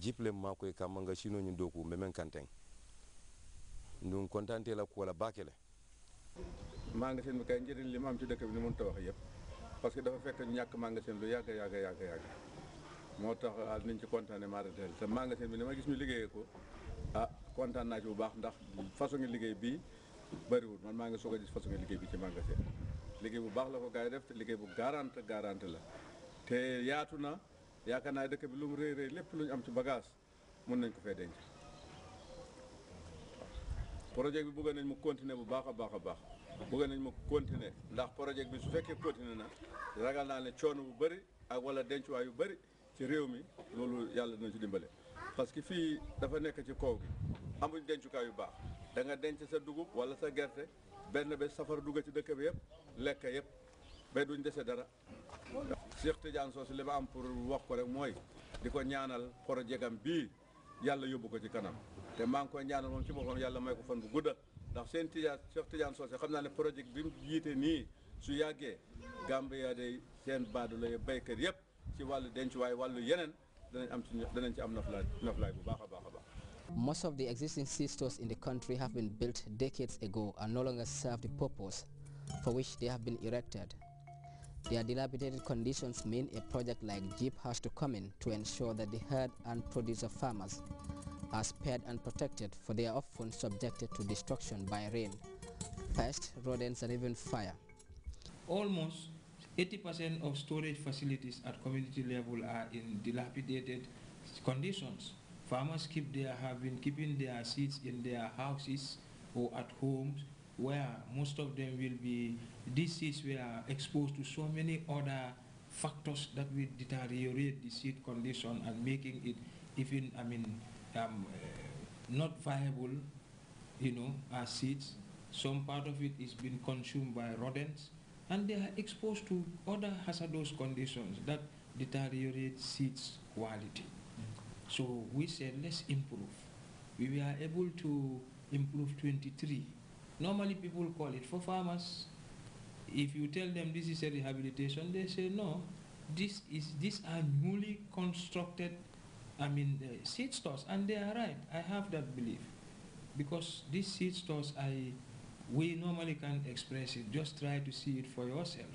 jiple makoy e kamma nga sino ñin doku memen kanteng ndun kontante la ko la bakele magasin bi kay njëriñ li ma ci dëkk bi ni mën ta wax yëpp parce que dafa fekk ñàkk seen lu yàgg yàgg yàgg yàgg moo tax ah, niñ ci kontaane maarateel te magasin bi ni ma gis ñu liggéeyee ko ah kontaan naa ci bu baax ndax façon nga liggéey bi bëriwul man maa ngi soog a gis façon liggéey bi ci magasin liggéey bu baax la ko gars yi def te liggéey bu garante garante la yaakaar naa dëkk bi lu mu rëy rëy lépp lu ñu am ci bagage mun nañ ko fee denc projet bi bëgg nañ mu continuer bu baax a baax a baax bëgg nañ mu continuer ndax projet bi su fekkee continuer na ragal naa ne coono bu bëri ak wala dencuwaay yu bëri ci réew mi loolu yàlla dina ci dimbale parce que fii dafa nekk ci kaw gi amuñ dencukaay yu baax da nga denc sa dugub wala sa gerte benn ba safar dugg ci dëkk bi yëpp lekk yëpp ba duñ dese dara li ma am pour wax ko rek yàlla yóbbu ko ci kanam te ngi koy ñaanal ci yàlla may ko fan bu gudda ndax Cheikh Tidiane projet bi mu su Gambia day lay ci am ci ci am bu Most of the existing stores in the country have been built decades ago and no longer serve the purpose for which they have been erected. Their dilapidated conditions mean a project like JEEP has to come in to ensure that the herd and producer farmers are spared and protected for they are often subjected to destruction by rain, pests, rodents and even fire. Almost 80% of storage facilities at community level are in dilapidated conditions. Farmers keep their, have been keeping their seeds in their houses or at homes where most of them will be this we are exposed to so many other factors that will deteriorate the seed condition and making it even I mean um, eh, not viable you know as seeds some part of it is being consumed by rodents and they are exposed to other hazardous conditions that deteriorate seeds quality so we said let's improve we were able to improve 23 Normally people call it for farmers. If you tell them this is a rehabilitation, they say no. This is these are newly constructed, I mean, uh, seed stores, and they are right. I have that belief because these seed stores, I we normally can't express it. Just try to see it for yourself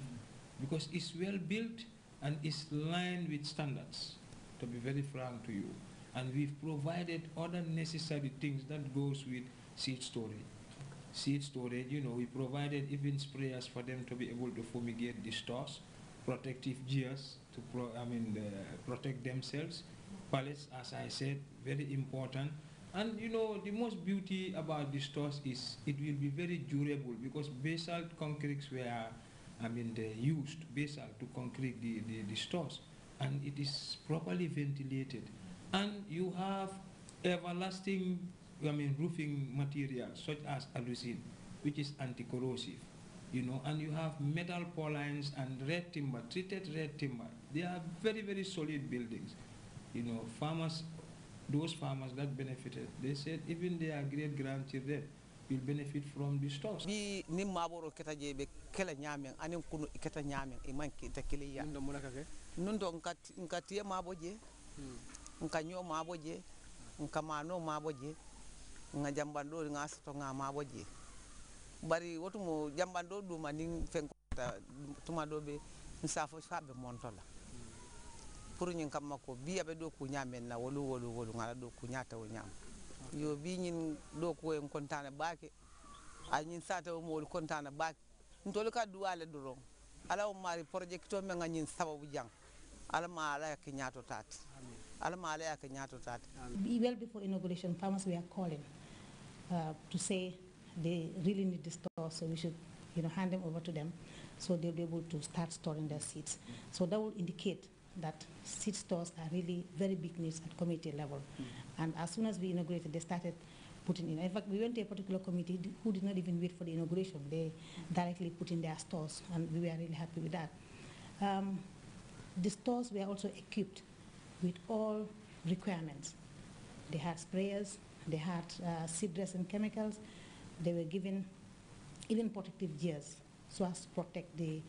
because it's well built and it's lined with standards. To be very frank to you, and we've provided other necessary things that goes with seed storage seed storage, you know, we provided even sprayers for them to be able to fumigate the stores, protective gears to pro I mean, uh, protect themselves, pallets, as I said, very important. And you know, the most beauty about the stores is it will be very durable because basalt concretes were, I mean, they used basalt to concrete the, the, the stores and it is properly ventilated. And you have everlasting I mean, roofing material such as alucine, which is anti-corrosive, you know, and you have metal purlines and red timber, treated red timber. They are very, very solid buildings. You know, farmers, those farmers that benefited, they said even their great-grandchildren will benefit from these stores. Bi nim maboro keta jebe kela nyamen anin kunu keta nyamen iman kita kele ya. Nundo muna kake? Nundo nkati nkati ya maboje, hmm. nkanyo maboje, nkamano maboje. nga jambanɗo nga sotoga maabo je bari wotumo jambanɗo ɗuma ni fenkota tuma ɗo ɓe safo monto la pour ñing kam bi biyaɓe do ku men na wolu wolu wolu do ku ñata wo ñam yo bi ñin ɗo en contane baake a ñin satawo mowol contane baake ntolu ka duwale doron ala o mari project to men ñin sababu jang ala ma ala ki ñato tat ala ma ala ki ñato bi well before inauguration farmers are calling Uh, to say they really need the store, so we should you know, hand them over to them so they'll be able to start storing their seeds. So that will indicate that seed stores are really very big needs at community level. Hmm. And as soon as we inaugurated, they started putting in. In fact, we went to a particular committee who did not even wait for the inauguration. They directly put in their stores, and we were really happy with that. Um, the stores were also equipped with all requirements. They had sprayers, they had uh, seed dressing and chemicals. They were given even protective gears so as to protect the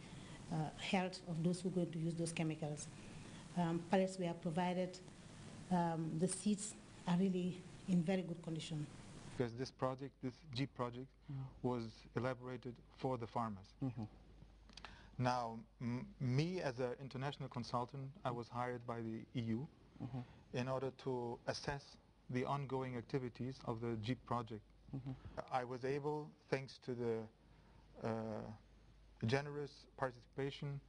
uh, health of those who are going to use those chemicals. Um, pallets were provided. Um, the seeds are really in very good condition. Because this project, this Jeep project, mm -hmm. was elaborated for the farmers. Mm -hmm. Now, me as an international consultant, I was hired by the EU mm -hmm. in order to assess the ongoing activities of the Jeep project. Mm -hmm. I was able, thanks to the uh, generous participation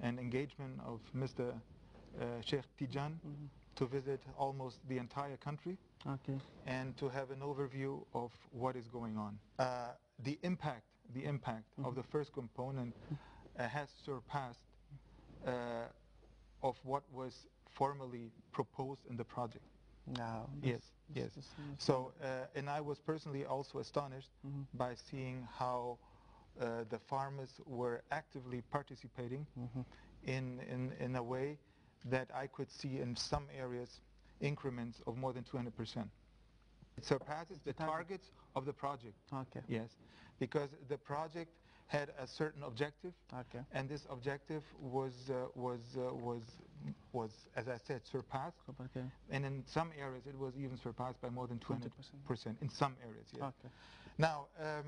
and engagement of Mr. Uh, Sheikh Tijan, mm -hmm. to visit almost the entire country okay. and to have an overview of what is going on. Uh, the impact, the impact mm -hmm. of mm-hmm. the first component uh, has surpassed uh, of what was formally proposed in the project now. Yes, yes. So, uh, and I was personally also astonished mm -hmm. by seeing how uh, the farmers were actively participating mm -hmm. in, in, in a way that I could see in some areas increments of more than 200%. It surpasses the targets of the project. Okay. Yes, because the project had a certain objective, okay. and this objective was uh, was uh, was was, as I said, surpassed. Okay. And in some areas, it was even surpassed by more than 200%. percent In some areas, yeah. Okay. Now, um,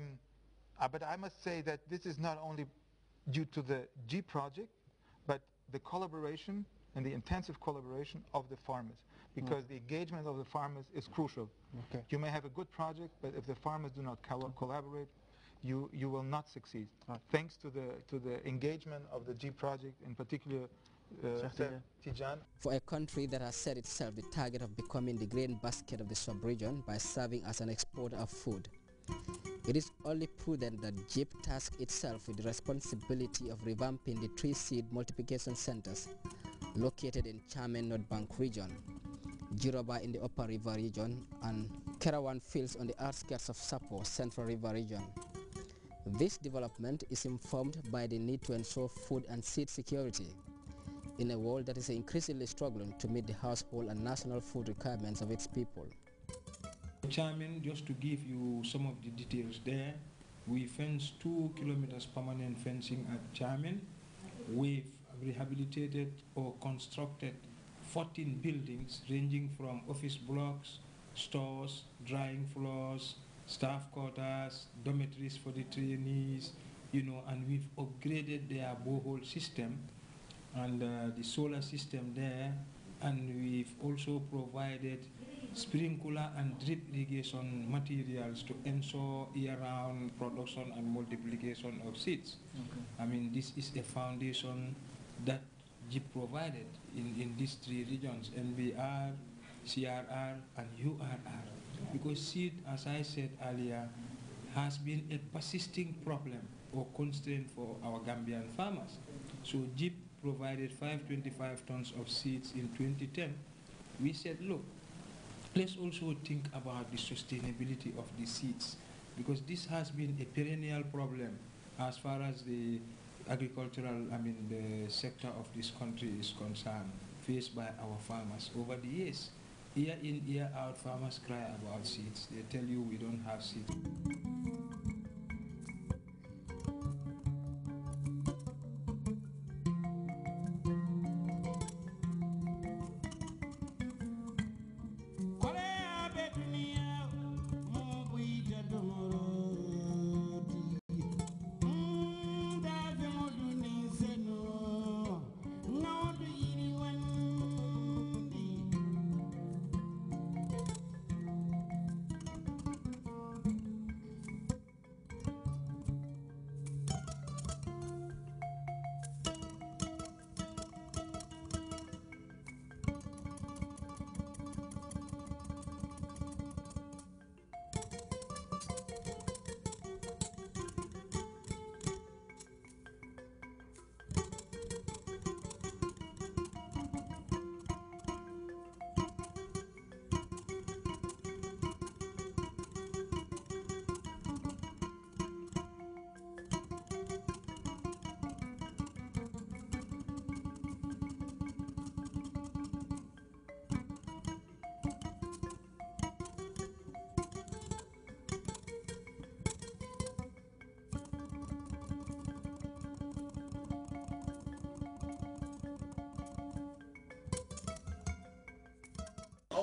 uh, but I must say that this is not only due to the G project, but the collaboration and the intensive collaboration of the farmers because okay. Mm. the engagement of the farmers is crucial. Okay. You may have a good project, but if the farmers do not collaborate, you, you will not succeed. Okay. Thanks to the, to the engagement of the G project, in particular for a country that has set itself the target of becoming the grain basket of the sub-region by serving as an exporter of food, it is only prudent that JEEP task itself with the responsibility of revamping the tree seed multiplication centers located in Charmen North Bank region, Jiroba in the Upper River region, and Kerawan Fields on the outskirts of Sapo, Central River region. This development is informed by the need to ensure food and seed security in a world that is increasingly struggling to meet the household and national food requirements of its people. Chairman, just to give you some of the details there, we fence two kilometers permanent fencing at Chairman. We've rehabilitated or constructed 14 buildings ranging from office blocks, stores, drying floors, staff quarters, dormitories for the trainees, you know, and we've upgraded their borehole system and uh, the solar system there. And we've also provided sprinkler and drip irrigation materials to ensure year-round production and multiplication of seeds. Okay. I mean, this is a foundation that GIP provided in, in these three regions, NBR, CRR, and URR. Because seed, as I said earlier, has been a persisting problem or constraint for our Gambian farmers. So GIP provided 525 tons of seeds in 2010, we said, look, let's also think about the sustainability of the seeds because this has been a perennial problem as far as the agricultural, I mean, the sector of this country is concerned, faced by our farmers over the years. Year in, year out, farmers cry about seeds. They tell you we don't have seeds.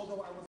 although I was